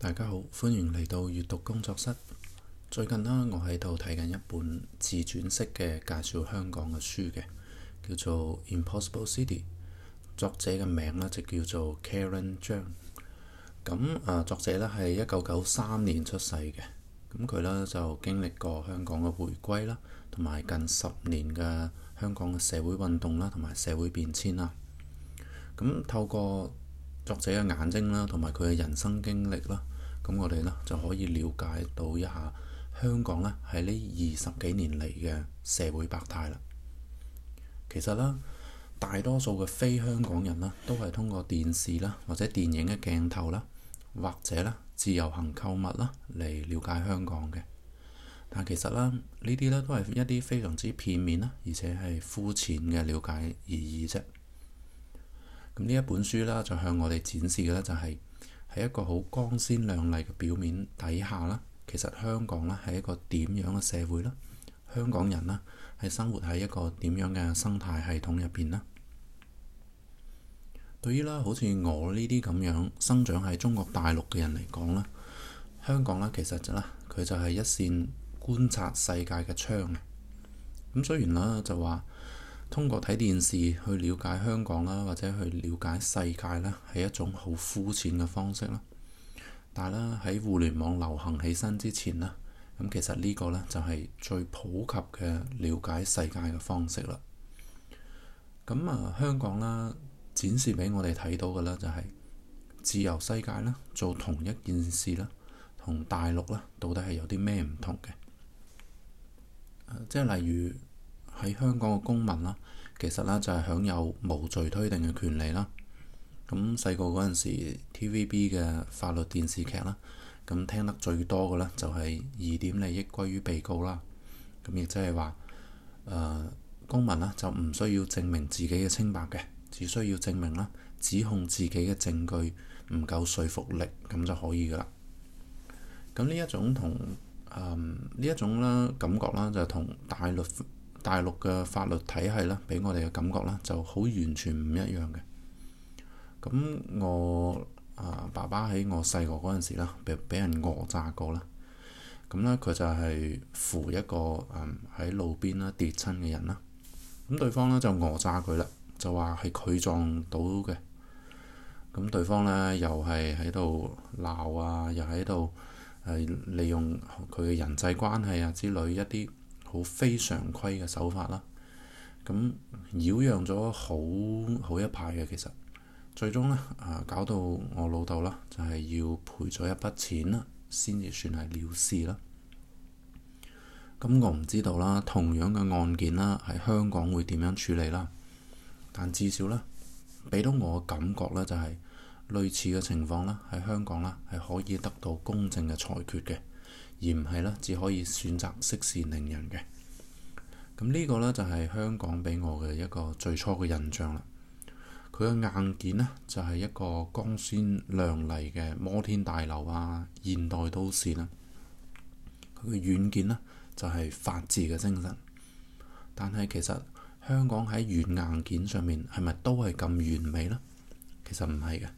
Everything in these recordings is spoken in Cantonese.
大家好，歡迎嚟到閱讀工作室。最近呢，我喺度睇緊一本自傳式嘅介紹香港嘅書嘅，叫做《Impossible City》，作者嘅名呢就叫做 Karen 張。咁啊，作者呢係一九九三年出世嘅，咁佢呢就經歷過香港嘅回歸啦，同埋近十年嘅香港嘅社會運動啦，同埋社會變遷啦。咁透過，作者嘅眼睛啦，同埋佢嘅人生經歷啦，咁我哋呢就可以了解到一下香港呢喺呢二十幾年嚟嘅社會百態啦。其實啦，大多數嘅非香港人啦，都係通過電視啦，或者電影嘅鏡頭啦，或者啦自由行購物啦嚟了解香港嘅。但其實啦，呢啲咧都係一啲非常之片面啦，而且係膚淺嘅了解而已啫。咁呢一本書啦，就向我哋展示嘅咧、就係，就係喺一個好光鮮亮麗嘅表面底下啦，其實香港咧係一個點樣嘅社會咧？香港人咧係生活喺一個點樣嘅生態系統入邊咧？對於咧好似我呢啲咁樣生長喺中國大陸嘅人嚟講咧，香港咧其實就啦、係，佢就係一扇觀察世界嘅窗嘅。咁雖然啦，就話。通過睇電視去了解香港啦，或者去了解世界啦，係一種好膚淺嘅方式啦。但係啦，喺互聯網流行起身之前啦，咁其實呢個咧就係最普及嘅了解世界嘅方式啦。咁啊，香港啦展示畀我哋睇到嘅咧、就係，就係自由世界啦，做同一件事啦，同大陸啦，到底係有啲咩唔同嘅？即係例如。喺香港嘅公民啦，其實咧就係享有無罪推定嘅權利啦。咁細個嗰陣時，TVB 嘅法律電視劇啦，咁聽得最多嘅咧就係疑點利益歸於被告啦。咁亦即係話，誒、呃、公民啦就唔需要證明自己嘅清白嘅，只需要證明啦指控自己嘅證據唔夠說服力，咁就可以噶啦。咁呢一種同誒呢、嗯、一種咧感覺啦，就同大陸。大陸嘅法律體系啦，畀我哋嘅感覺啦，就好完全唔一樣嘅。咁我啊、呃、爸爸喺我細個嗰陣時啦，被俾人訛詐過啦。咁咧，佢就係扶一個嗯喺、呃、路邊啦跌親嘅人啦。咁對方咧就訛詐佢啦，就話係佢撞到嘅。咁對方咧又係喺度鬧啊，又喺度誒利用佢嘅人際關係啊之類一啲，好非常規嘅手法啦，咁擾攘咗好好一排嘅。其實，最終呢，啊搞到我老豆啦，就係、是、要賠咗一筆錢啦，先至算係了事啦。咁、嗯、我唔知道啦，同樣嘅案件啦，喺香港會點樣處理啦？但至少咧，畀到我感覺咧，就係、是、類似嘅情況啦，喺香港啦，係可以得到公正嘅裁決嘅。而唔係呢只可以選擇息事寧人嘅。咁呢個呢，就係香港畀我嘅一個最初嘅印象啦。佢嘅硬件呢，就係、是、一個光鮮亮麗嘅摩天大樓啊，現代都市啦、啊。佢嘅軟件呢，就係、是、法治嘅精神。但係其實香港喺軟硬件上面係咪都係咁完美呢？其實唔係嘅，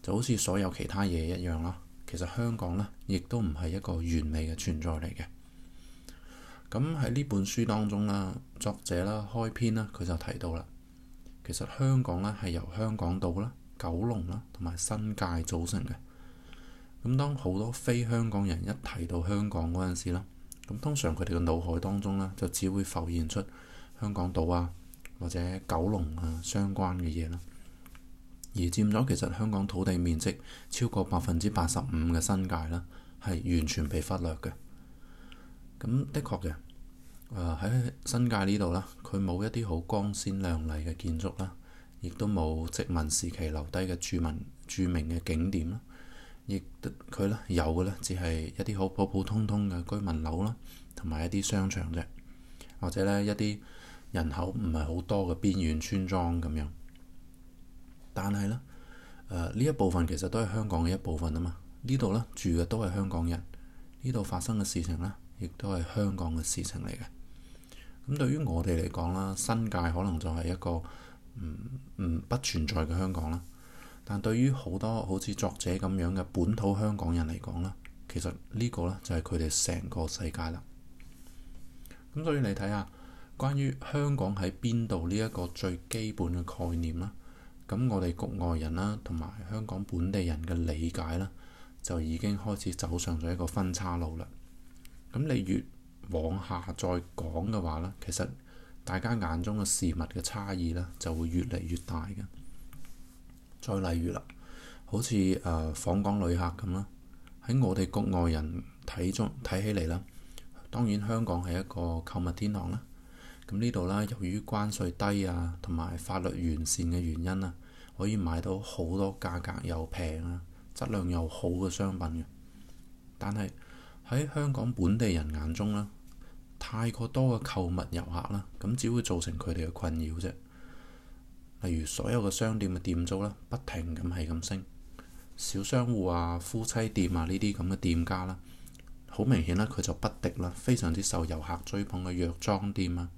就好似所有其他嘢一樣啦。其實香港呢，亦都唔係一個完美嘅存在嚟嘅。咁喺呢本書當中啦，作者啦開篇啦，佢就提到啦，其實香港呢，係由香港島啦、九龍啦同埋新界組成嘅。咁當好多非香港人一提到香港嗰陣時啦，咁通常佢哋嘅腦海當中呢，就只會浮現出香港島啊或者九龍啊相關嘅嘢啦。而佔咗其實香港土地面積超過百分之八十五嘅新界啦，係完全被忽略嘅。咁的確嘅，誒、呃、喺新界呢度啦，佢冇一啲好光鮮亮麗嘅建築啦，亦都冇殖民時期留低嘅著名著名嘅景點啦，亦佢咧有嘅咧，只係一啲好普普通通嘅居民樓啦，同埋一啲商場啫，或者咧一啲人口唔係好多嘅邊遠村莊咁樣。但係呢，呃呢一部分其實都係香港嘅一部分啊嘛！呢度呢住嘅都係香港人，呢度發生嘅事情呢，亦都係香港嘅事情嚟嘅。咁對於我哋嚟講啦，新界可能就係一個唔唔、嗯嗯、不存在嘅香港啦。但對於好多好似作者咁樣嘅本土香港人嚟講啦，其實呢個呢，就係佢哋成個世界啦。咁所以你睇下，關於香港喺邊度呢一個最基本嘅概念啦。咁我哋局外人啦，同埋香港本地人嘅理解啦，就已經開始走上咗一個分叉路啦。咁你越往下再講嘅話咧，其實大家眼中嘅事物嘅差異咧，就會越嚟越大嘅。再例如啦，好似誒訪港旅客咁啦，喺我哋局外人睇中睇起嚟啦，當然香港係一個購物天堂啦。咁呢度啦，由於關稅低啊，同埋法律完善嘅原因啊。可以買到好多價格又平啊，質量又好嘅商品嘅。但係喺香港本地人眼中咧，太過多嘅購物遊客啦，咁只會造成佢哋嘅困擾啫。例如所有嘅商店嘅店租咧，不停咁係咁升。小商戶啊、夫妻店啊呢啲咁嘅店家啦，好明顯啦，佢就不敵啦，非常之受遊客追捧嘅藥妝店啊、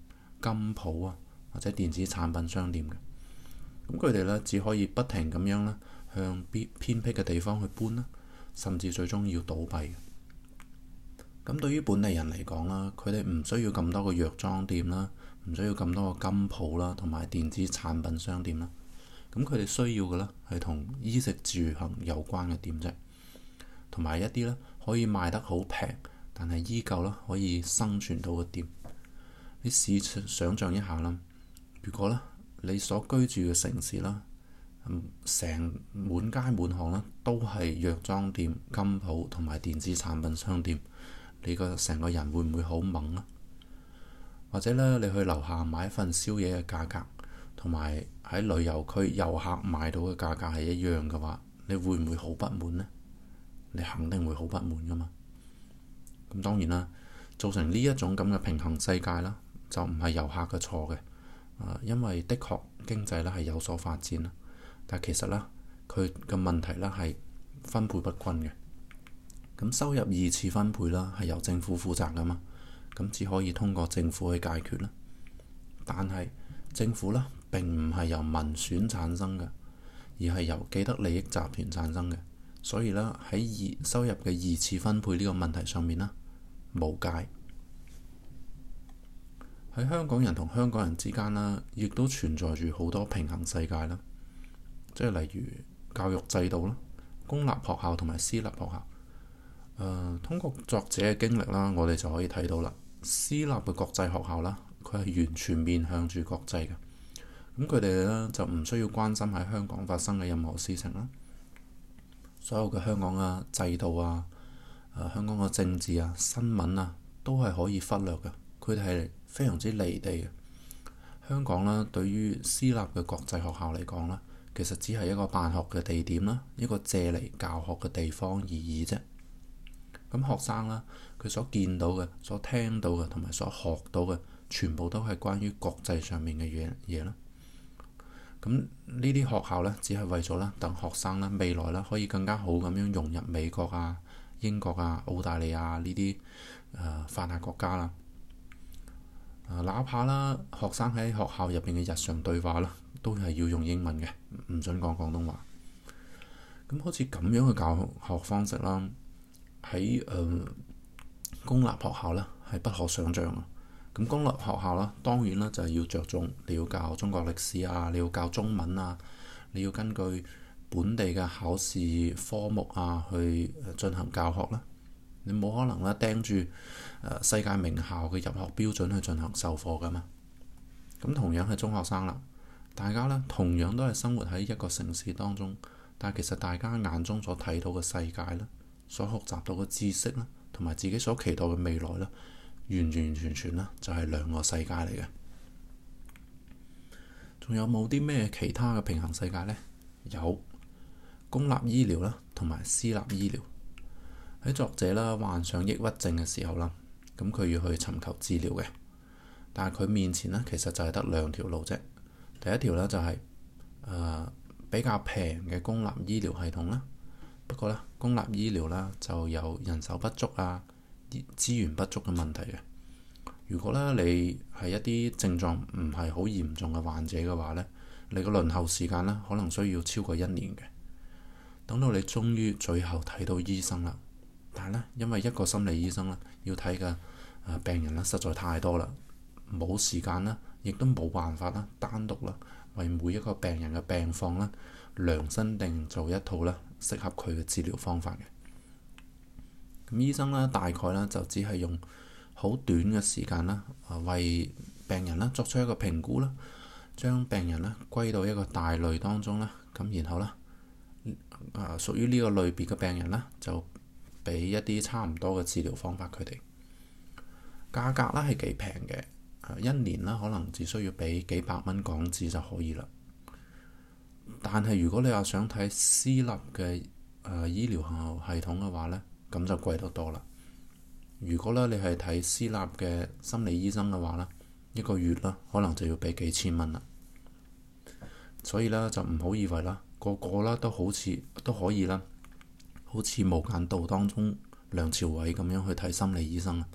金鋪啊或者電子產品商店嘅。咁佢哋咧，只可以不停咁樣咧，向偏僻嘅地方去搬啦，甚至最終要倒閉。咁對於本地人嚟講啦，佢哋唔需要咁多嘅藥妝店啦，唔需要咁多嘅金鋪啦，同埋電子產品商店啦。咁佢哋需要嘅咧，係同衣食住行有關嘅店啫，同埋一啲咧，可以賣得好平，但係依舊啦可以生存到嘅店。你試想像一下啦，如果咧，你所居住嘅城市啦，成滿街滿巷啦，都係藥妝店、金鋪同埋電子產品商店。你個成個人會唔會好矇啊？或者咧，你去樓下買一份宵夜嘅價格，同埋喺旅遊區遊客買到嘅價格係一樣嘅話，你會唔會好不滿咧？你肯定會好不滿㗎嘛。咁當然啦，造成呢一種咁嘅平衡世界啦，就唔係遊客嘅錯嘅。因為的確經濟咧係有所發展，但其實咧佢嘅問題咧係分配不均嘅。咁收入二次分配啦係由政府負責㗎嘛，咁只可以通過政府去解決啦。但係政府咧並唔係由民選產生嘅，而係由既得利益集團產生嘅，所以咧喺二收入嘅二次分配呢個問題上面咧無解。喺香港人同香港人之間呢亦都存在住好多平衡世界啦。即係例如教育制度啦，公立學校同埋私立學校。誒、呃，通過作者嘅經歷啦，我哋就可以睇到啦。私立嘅國際學校啦，佢係完全面向住國際嘅。咁佢哋咧就唔需要關心喺香港發生嘅任何事情啦。所有嘅香港嘅制度啊，誒、呃、香港嘅政治啊、新聞啊，都係可以忽略嘅。佢哋係非常之離地嘅香港啦，對於私立嘅國際學校嚟講啦，其實只係一個辦學嘅地點啦，一個借嚟教學嘅地方而已啫。咁學生啦，佢所見到嘅、所聽到嘅同埋所學到嘅，全部都係關於國際上面嘅嘢嘢啦。咁呢啲學校呢，只係為咗呢等學生呢未來啦可以更加好咁樣融入美國啊、英國啊、澳大利亞呢啲誒發達國家啦。哪怕啦，學生喺學校入邊嘅日常對話啦，都係要用英文嘅，唔准講廣東話。咁好似咁樣嘅教學方式啦，喺誒、呃、公立學校咧係不可想象嘅。咁公立學校啦，當然啦就係、是、要着重你要教中國歷史啊，你要教中文啊，你要根據本地嘅考試科目啊去進行教學啦。你冇可能啦，盯住誒世界名校嘅入學標準去進行授課噶嘛。咁同樣係中學生啦，大家咧同樣都係生活喺一個城市當中，但其實大家眼中所睇到嘅世界咧，所學習到嘅知識咧，同埋自己所期待嘅未來咧，完完全全啦，就係兩個世界嚟嘅。仲有冇啲咩其他嘅平衡世界咧？有公立醫療啦，同埋私立醫療。喺作者啦患上抑鬱症嘅時候啦，咁佢要去尋求治療嘅。但係佢面前咧，其實就係得兩條路啫。第一條呢，就係，就係誒比較平嘅公立醫療系統啦。不過咧，公立醫療啦就有人手不足啊，資源不足嘅問題嘅。如果咧你係一啲症狀唔係好嚴重嘅患者嘅話呢，你個輪候時間咧可能需要超過一年嘅。等到你終於最後睇到醫生啦。但係咧，因為一個心理醫生咧，要睇嘅病人咧，實在太多啦，冇時間啦，亦都冇辦法啦，單獨啦，為每一個病人嘅病況啦，量身定做一套啦，適合佢嘅治療方法嘅。咁醫生咧，大概咧就只係用好短嘅時間啦，啊，為病人咧作出一個評估啦，將病人咧歸到一個大類當中啦。咁然後咧，啊屬於呢個類別嘅病人啦，就，畀一啲差唔多嘅治療方法，佢哋價格呢係幾平嘅，一年呢，可能只需要畀幾百蚊港紙就可以啦。但係如果你話想睇私立嘅誒醫療系統嘅話呢，咁就貴得多啦。如果呢，你係睇私立嘅心理醫生嘅話呢，一個月呢，可能就要畀幾千蚊啦。所以呢，就唔好以為啦，個個啦都好似都可以啦。好似《無間道》當中梁朝偉咁樣去睇心理醫生啊，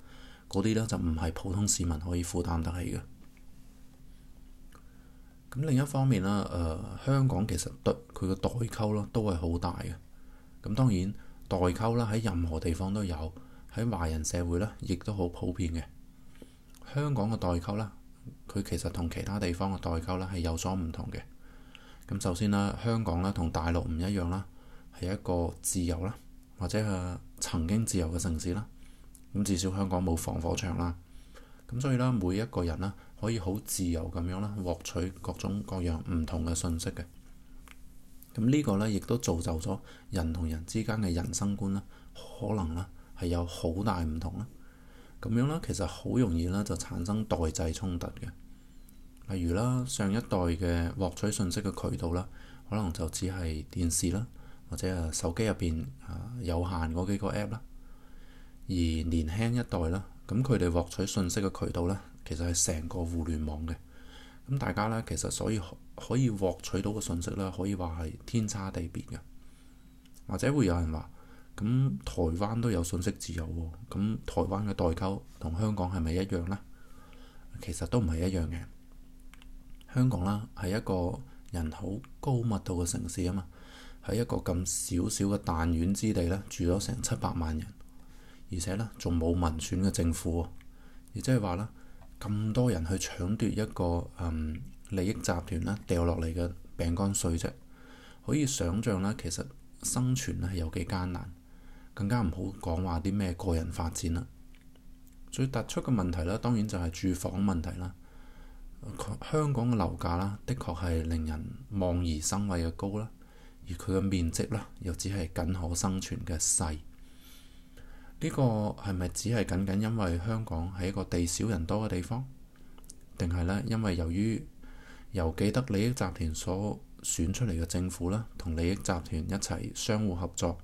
嗰啲呢就唔係普通市民可以負擔得起嘅。咁另一方面咧，誒、呃、香港其實對佢嘅代溝咯，都係好大嘅。咁當然代溝啦，喺任何地方都有，喺華人社會呢亦都好普遍嘅。香港嘅代溝啦，佢其實同其他地方嘅代溝咧係有所唔同嘅。咁首先啦，香港咧同大陸唔一樣啦。係一個自由啦，或者係曾經自由嘅城市啦。咁至少香港冇防火牆啦。咁所以呢，每一個人呢，可以好自由咁樣啦，獲取各種各樣唔同嘅信息嘅。咁呢個呢，亦都造就咗人同人之間嘅人生觀啦，可能啦係有好大唔同啦。咁樣啦，其實好容易啦，就產生代際衝突嘅。例如啦，上一代嘅獲取信息嘅渠道啦，可能就只係電視啦。或者手機入邊有限嗰幾個 app 啦，而年輕一代啦，咁佢哋獲取信息嘅渠道呢，其實係成個互聯網嘅。咁大家呢，其實所以可以獲取到嘅信息呢，可以話係天差地別嘅。或者會有人話，咁台灣都有信息自由喎，咁台灣嘅代溝同香港係咪一樣呢？其實都唔係一樣嘅。香港啦，係一個人口高密度嘅城市啊嘛。喺一個咁小小嘅彈丸之地咧，住咗成七百萬人，而且咧仲冇民選嘅政府，亦即係話咧咁多人去搶奪一個嗯利益集團咧掉落嚟嘅餅乾碎啫。可以想象咧，其實生存咧係有幾艱難，更加唔好講話啲咩個人發展啦。最突出嘅問題咧，當然就係住房問題啦。香港嘅樓價啦，的確係令人望而生畏嘅高啦。而佢嘅面積咧，又只係僅可生存嘅細。呢個係咪只係僅僅因為香港係一個地少人多嘅地方，定係呢？因為由於由既得利益集團所選出嚟嘅政府咧，同利益集團一齊相互合作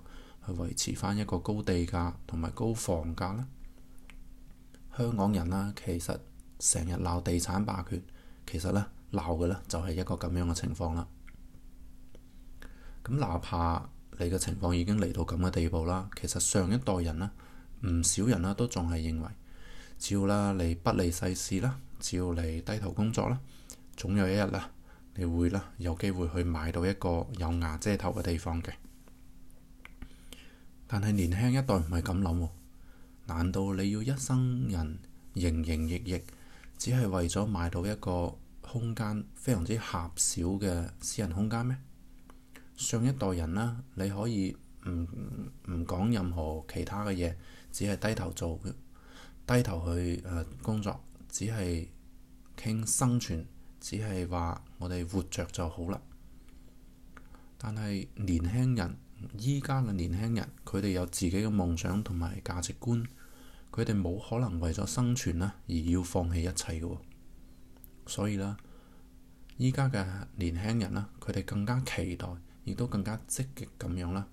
去維持返一個高地價同埋高房價呢？香港人啦，其實成日鬧地產霸權，其實咧鬧嘅呢，就係一個咁樣嘅情況啦。咁，哪怕你嘅情況已經嚟到咁嘅地步啦，其實上一代人啦，唔少人啦，都仲係認為，只要啦你不理世事啦，只要你低頭工作啦，總有一日啦，你會啦有機會去買到一個有瓦遮頭嘅地方嘅。但係年輕一代唔係咁諗，難道你要一生人營營役役，只係為咗買到一個空間非常之狹小嘅私人空間咩？上一代人啦，你可以唔唔講任何其他嘅嘢，只係低頭做，低頭去工作，只係傾生存，只係話我哋活着就好啦。但係年輕人，依家嘅年輕人，佢哋有自己嘅夢想同埋價值觀，佢哋冇可能為咗生存啦而要放棄一切嘅。所以啦，依家嘅年輕人啦，佢哋更加期待。亦都更加積極咁樣啦，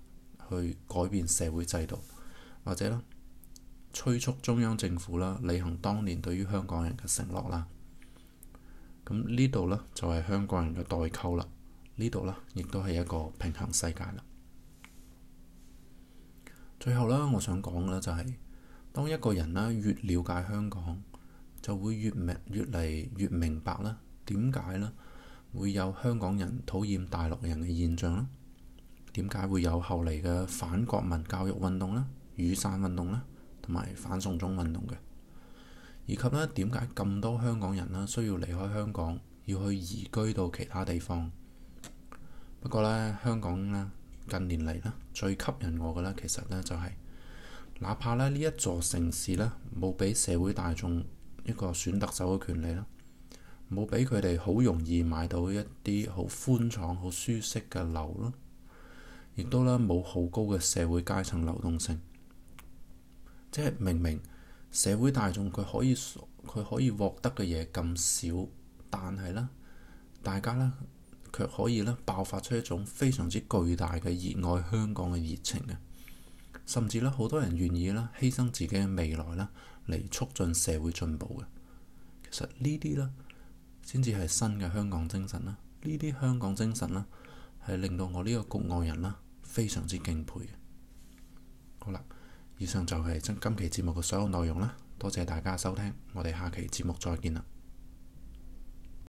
去改變社會制度，或者啦，催促中央政府啦履行當年對於香港人嘅承諾啦。咁呢度呢，就係香港人嘅代溝啦，呢度呢，亦都係一個平衡世界啦。最後啦，我想講嘅就係，當一個人咧，越了解香港，就會越明越嚟越明白啦，點解呢？會有香港人討厭大陸人嘅現象啦，點解會有後嚟嘅反國民教育運動呢？雨傘運動呢？同埋反送中運動嘅，以及呢，點解咁多香港人呢需要離開香港要去移居到其他地方？不過呢，香港呢近年嚟呢最吸引我嘅呢，其實呢、就是，就係哪怕呢呢一座城市呢冇俾社會大眾一個選特首嘅權利啦。冇俾佢哋好容易買到一啲好寬敞、好舒適嘅樓咯，亦都咧冇好高嘅社會階層流動性，即係明明社會大眾佢可以佢可以獲得嘅嘢咁少，但係呢，大家呢，卻可以咧爆發出一種非常之巨大嘅熱愛香港嘅熱情嘅，甚至呢，好多人願意咧犧牲自己嘅未來啦嚟促進社會進步嘅。其實呢啲咧。先至係新嘅香港精神啦，呢啲香港精神啦，係令到我呢個局外人啦非常之敬佩嘅。好啦，以上就係今期節目嘅所有內容啦，多謝大家收聽，我哋下期節目再見啦。